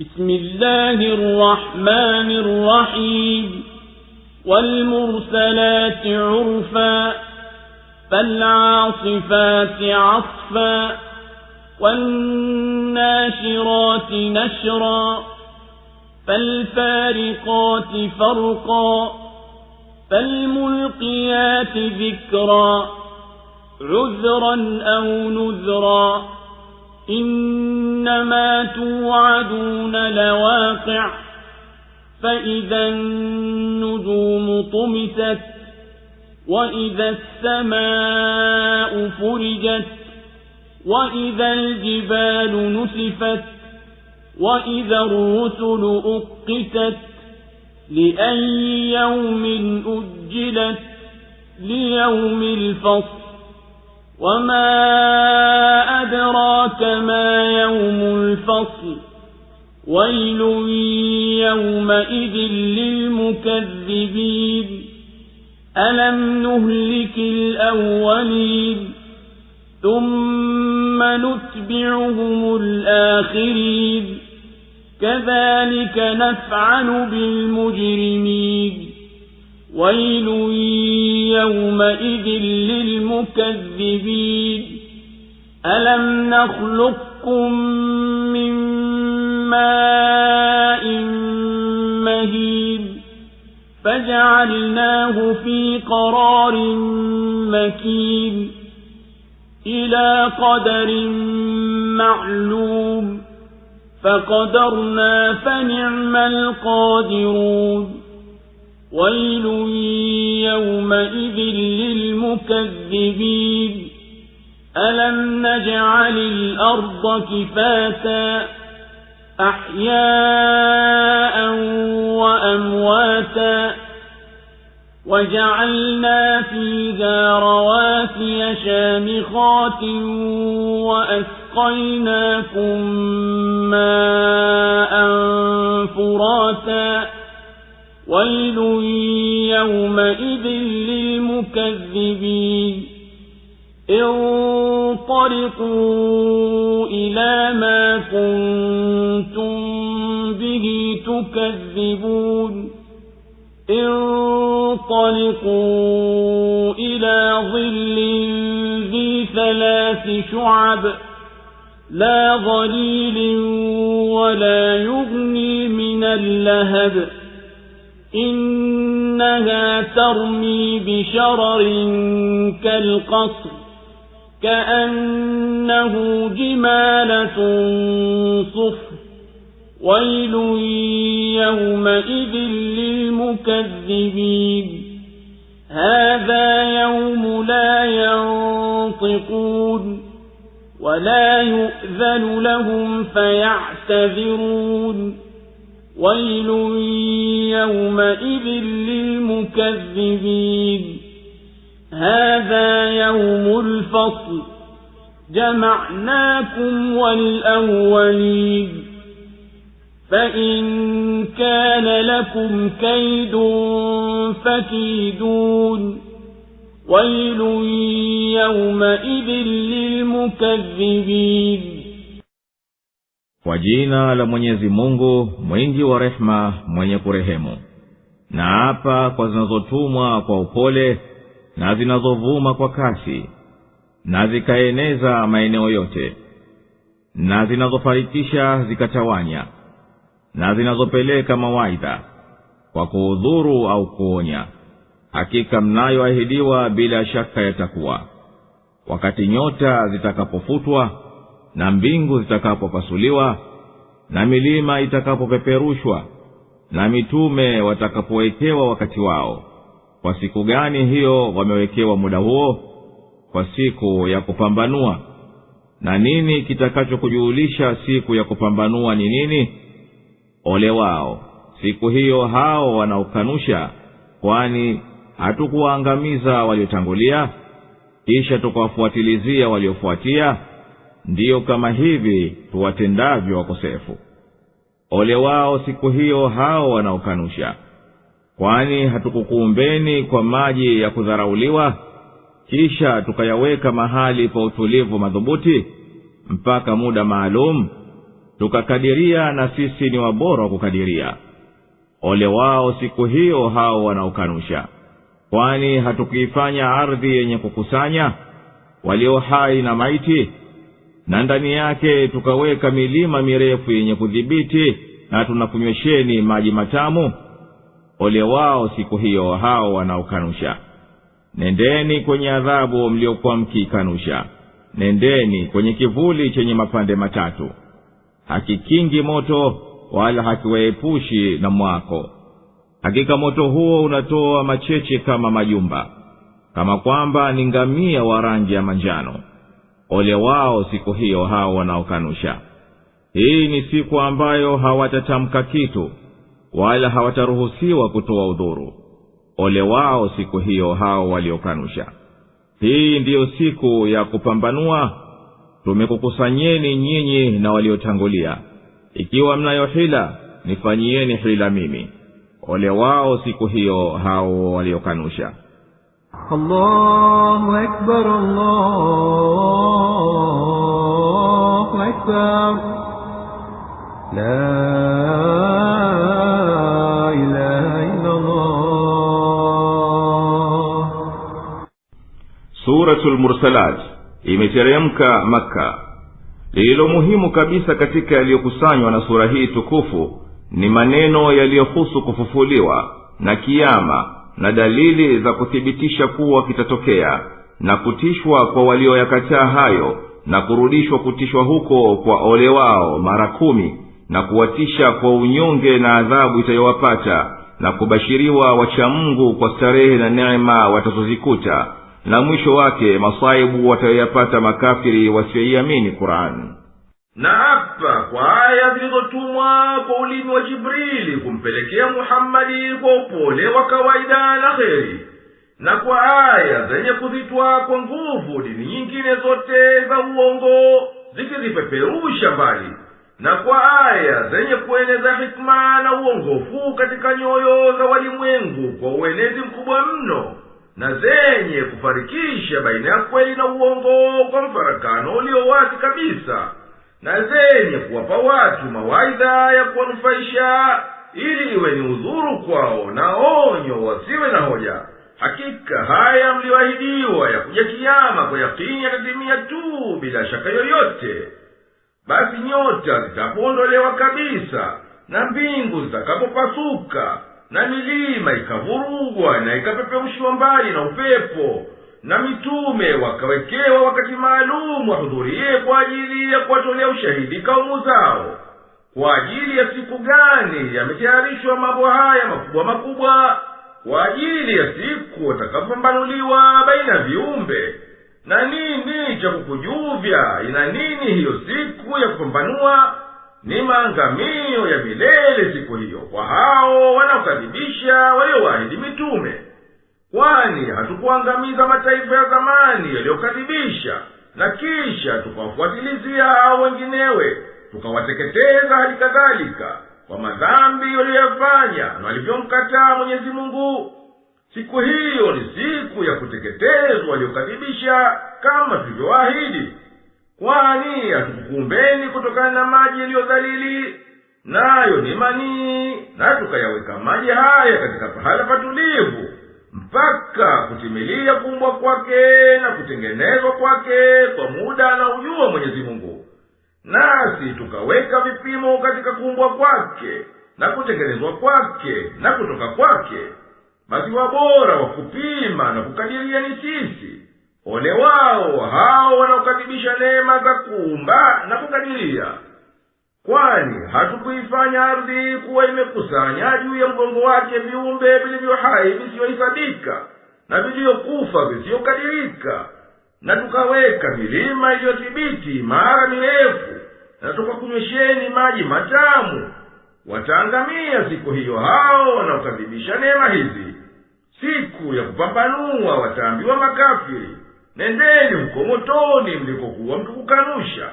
بسم الله الرحمن الرحيم والمرسلات عرفا فالعاصفات عصفا والناشرات نشرا فالفارقات فرقا فالملقيات ذكرا عذرا أو نذرا إن إنما توعدون لواقع فإذا النجوم طمست وإذا السماء فرجت وإذا الجبال نسفت وإذا الرسل أقتت لأي يوم أجلت ليوم الفصل وما أدراك ما يوم الفصل ويل يومئذ للمكذبين ألم نهلك الأولين ثم نتبعهم الآخرين كذلك نفعل بالمجرمين ويل يومئذ للمكذبين ألم نخلقكم من ماء مهين فجعلناه في قرار مكين إلى قدر معلوم فقدرنا فنعم القادرون ويل يومئذ للمكذبين ألم نجعل الأرض كفاتا أحياء وأمواتا وجعلنا فيها رواسي شامخات وأسقيناكم ماءً ويل يومئذ للمكذبين انطلقوا إلى ما كنتم به تكذبون انطلقوا إلى ظل ذي ثلاث شعب لا ظليل ولا يغني من اللهب إنها ترمي بشرر كالقصر كأنه جمالة صفر ويل يومئذ للمكذبين هذا يوم لا ينطقون ولا يؤذن لهم فيعتذرون ويل يومئذ للمكذبين هذا يوم الفصل جمعناكم والأولين فإن كان لكم كيد فكيدون ويل يومئذ للمكذبين kwa jina la mwenyezi mungu mwingi wa rehema mwenye kurehemu na hapa kwa zinazotumwa kwa upole na zinazovuma kwa kasi na zikaeneza maeneo yote na zinazofarikisha zikatawanya na zinazopeleka mawaidha kwa kuudhuru au kuonya hakika mnayoahidiwa bila shaka yatakuwa wakati nyota zitakapofutwa na mbingu zitakapopasuliwa na milima itakapopeperushwa na mitume watakapowekewa wakati wao kwa siku gani hiyo wamewekewa muda huo kwa siku ya kupambanua na nini kitakachokujuulisha siku ya kupambanua ni nini ole wao siku hiyo hao wanaokanusha kwani hatukuwaangamiza waliotangulia kisha tukawafuatilizia waliofuatia ndiyo kama hivi tuwatendavyo wakosefu ole wao siku hiyo hao wanaokanusha kwani hatukukuumbeni kwa maji ya kudharauliwa kisha tukayaweka mahali pa utulivu madhubuti mpaka muda maalum tukakadiria na sisi ni wabora wa kukadiria ole wao siku hiyo hao wanaokanusha kwani hatukuifanya ardhi yenye kukusanya walio hai na maiti na ndani yake tukaweka milima mirefu yenye kudhibiti na tunakunywesheni maji matamu ole wao siku hiyo hao wanaokanusha nendeni kwenye adhabu mliokuwa mkiikanusha nendeni kwenye kivuli chenye mapande matatu hakikingi moto wala hakiwaepushi na mwako hakika moto huo unatoa macheche kama majumba kama kwamba ni ngamia wa rangi ya manjano ole wao siku hiyo hao wanaokanusha hii ni siku ambayo hawatatamka kitu wala hawataruhusiwa kutoa udhuru ole wao siku hiyo hao waliokanusha hii ndiyo siku ya kupambanua tumekukusanyeni nyinyi na waliotangulia ikiwa mnayo hila nifanyieni hila mimi ole wao siku hiyo hao waliokanusha الله imeteremka Makka. Lililo muhimu kabisa katika yaliyokusanywa na sura hii tukufu ni maneno yaliyohusu kufufuliwa na kiama na dalili za kuthibitisha kuwa kitatokea na kutishwa kwa walioyakataa hayo na kurudishwa kutishwa huko kwa ole wao mara kumi na kuwatisha kwa unyonge na adhabu itayowapata na kubashiriwa wacha kwa starehe na neema watazozikuta na mwisho wake masaibu watayoyapata makafiri wasiyoiamini qurani na hapa kwa aya zilizotumwa kwa ulimi wa jibrili kumpelekea muhammadi kwa upole wa kawaida na kheri na kwa aya zenye kuzitwa kwa nguvu dini nyingine zote za uongo zikizipeperusha mbali na kwa aya zenye kueneza hikima na uongofu katika nyoyo za walimwengu kwa uenezi mkubwa mno na zenye kufarikisha baina ya kweli na uongo kwa mfarakano ulio wazi kabisa na zenye kuwapa watu mawaidha ya kuwanufaisha ili iwe ni udhuru kwao na onyo wasiwe na hoja hakika haya mliyoahidiwa ya kuja kiama kwa yakini yatatimia tu bila shaka yoyote basi nyota zitapoondolewa kabisa na mbingu zitakapopasuka na milima ikavurugwa na ikapeperushiwa mbali na upepo na mitume wakawekewa wakati maalumu wahudhurie kwa ajili ya kuwatolea ushahidi kaumu zao kwa ajili ya siku gani yametayarishwa mambo haya makubwa makubwa kwa ajili ya siku watakapopambanuliwa baina viumbe na nini cha kukujuvya ina nini hiyo siku ya kupambanua ni maangamio ya milele siku hiyo kwa hao wanaokadhibisha waliowahidi mitume kwani hatukuangamiza mataifa ya zamani yaliyokaribisha na kisha tukawafuatilizia hao wenginewe tukawateketeza hali kadhalika kwa madhambi waliyoyafanya na walivyomkataa mwenyezi mungu siku hiyo ni siku ya kuteketezwa waliokadhibisha kama tulivyoahidi kwani hatukukumbeni kutokana na maji yaliyodhalili nayo ni manii na tukayaweka maji haya katika pahala patulivu mpaka kutimilia kumbwa kwake na kutengenezwa kwake kwa muda anaujua mwenyezi mungu nasi tukaweka vipimo katika kumbwa kwake na kutengenezwa kwake na kutoka kwake basi wabora wa kupima na kukadiria ni sisi ole wao hao wanaokadhibisha neema za kuumba na kukadiria kwani hatukuifanya ardhi kuwa imekusanya juu ya mgongo wake viumbe vilivyo hai visiyohifadhika na vilivyokufa visiyokadirika na tukaweka milima iliyothibiti mara mirefu na tukakunywesheni maji matamu wataangamia siku hiyo hao wanaokadhibisha neema hizi siku ya kupambanua wataambiwa makafiri nendeni huko motoni mlikokuwa mtukukanusha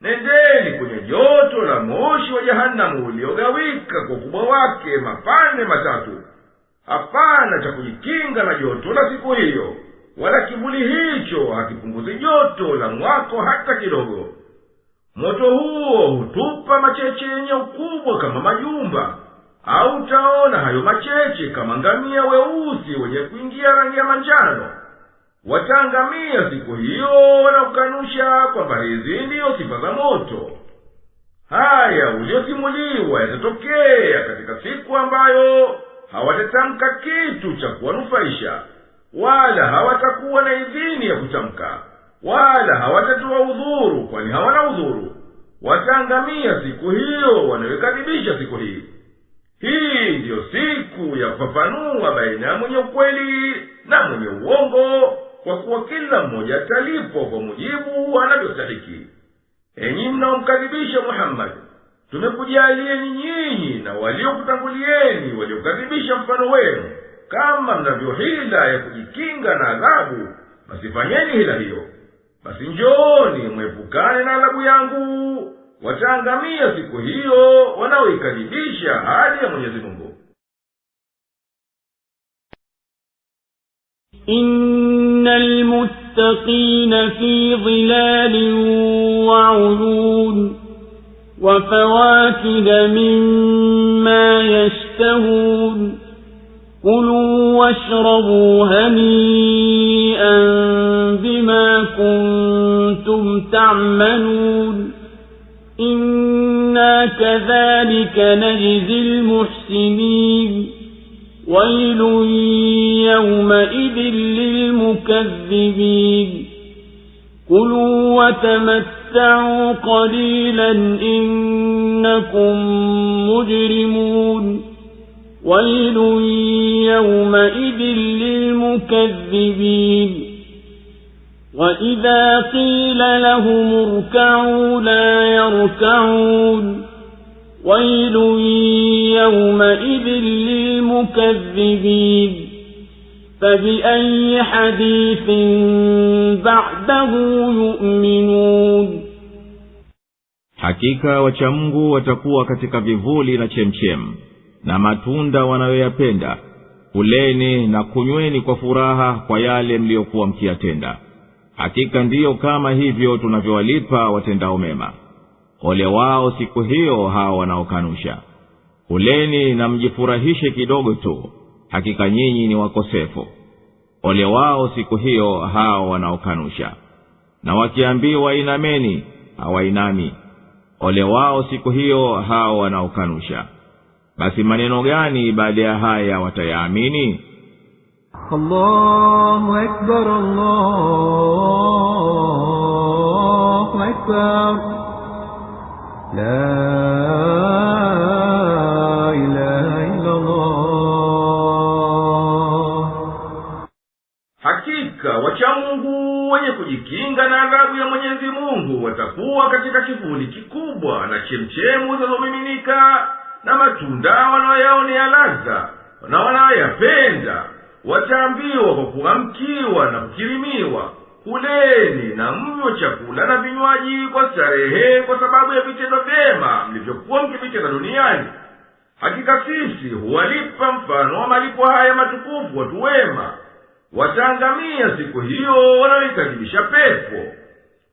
nendeni kwenye joto la moshi wa jahanamu uliogawika kwa ukubwa wake mapande matatu hapana cha kujikinga na joto la siku hiyo wala kivuli hicho hakipunguzi joto la mwako hata kidogo moto huo hutupa macheche yenye ukubwa kama majumba au taona hayo macheche kama ngamia weusi wenye kuingia rangi ya manjano wataangamia siku hiyo wanakukanusha kwamba hizi ndiyo sifa za moto haya uliyosimuliwa yatatokea katika siku ambayo hawatatamka kitu cha kuwanufaisha wala hawatakuwa na idhini ya kutamka wala hawatatoa udhuru kwani hawana udhuru wataangamia siku hiyo wanayoikaribisha siku hii hii ndiyo siku ya kufafanua baina ya mwenye ukweli na mwenye uongo kwa kuwa kila mmoja atalipwa kwa mujibu anavyostahiki enyi mnaomkadhibisha muhammadi tumekujalieni nyinyi na waliokutangulieni waliokadhibisha mfano wenu kama mnavyo hila ya kujikinga na adhabu basi fanyeni hila hiyo basi njooni mwepukane na adhabu yangu wataangamia siku hiyo wanaoikadhibisha hadi ya mwenyezi mungu In... المتقين في ظلال وعيون وفواكه مما يشتهون كلوا واشربوا هنيئا بما كنتم تعملون إنا كذلك نجزي المحسنين ويل يومئذ للمكذبين كلوا وتمتعوا قليلا إنكم مجرمون ويل يومئذ للمكذبين وإذا قيل لهم اركعوا لا يركعون ويل يومئذ للمكذبين فبأي حديث بعده يؤمنون hakika وشمغو watakuwa katika vivuli na chemchem na matunda wanayoyapenda kuleni na kunyweni kwa furaha kwa yale mliyokuwa mkiyatenda hakika ndiyo kama hivyo tunavyowalipa watendao mema ole wao siku hiyo hawa wanaokanusha kuleni na mjifurahishe kidogo tu hakika nyinyi ni wakosefu ole wao siku hiyo hawa wanaokanusha na wakiambiwa inameni hawainami ole wao siku hiyo hawa wanaokanusha basi maneno gani baada ya haya watayaamini allahu akbar, allahu akbar. لا إله إلا الله hakika wachamungu wenye kujikinga na adhabu ya mwenyezi mungu watakuwa katika kivuli kikubwa na chemchemu zinazomiminika na matunda wanaoyaonea ladha na wanaoyapenda wataambiwa kwa kuamkiwa na kukirimiwa kuleni na mnywe chakula na vinywaji kwa starehe kwa sababu ya vitendo vyema mlivyokuwa mkivitenda duniani hakika sisi huwalipa mfano wa malipo haya matukufu watu wema wataangamia siku hiyo wanaoikadibisha pepo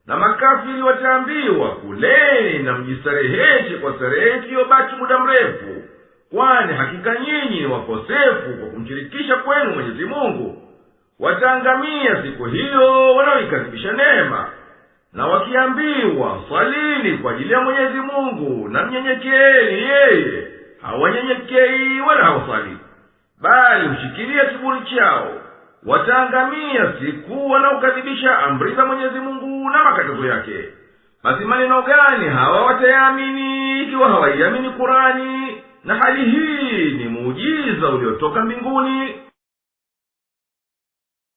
na makafiri wataambiwa kuleni na mjistareheshe kwa starehe siyobaki muda mrefu kwani hakika nyinyi ni wakosefu kwa kumshirikisha kwenu mwenyezi mungu wataangamia siku hiyo wanaoikaribisha neema na wakiambiwa swalini kwa ajili ya mwenyezi mungu na mnyenyekeeni yeye hawanyenyekei wala hawaswalii bali hushikilia kiburi chao wataangamia siku wanaokadhibisha amri za mwenyezi mungu na makatazo yake basi maneno gani hawa watayaamini ikiwa hawaiamini kurani na hali hii ni muujiza uliotoka mbinguni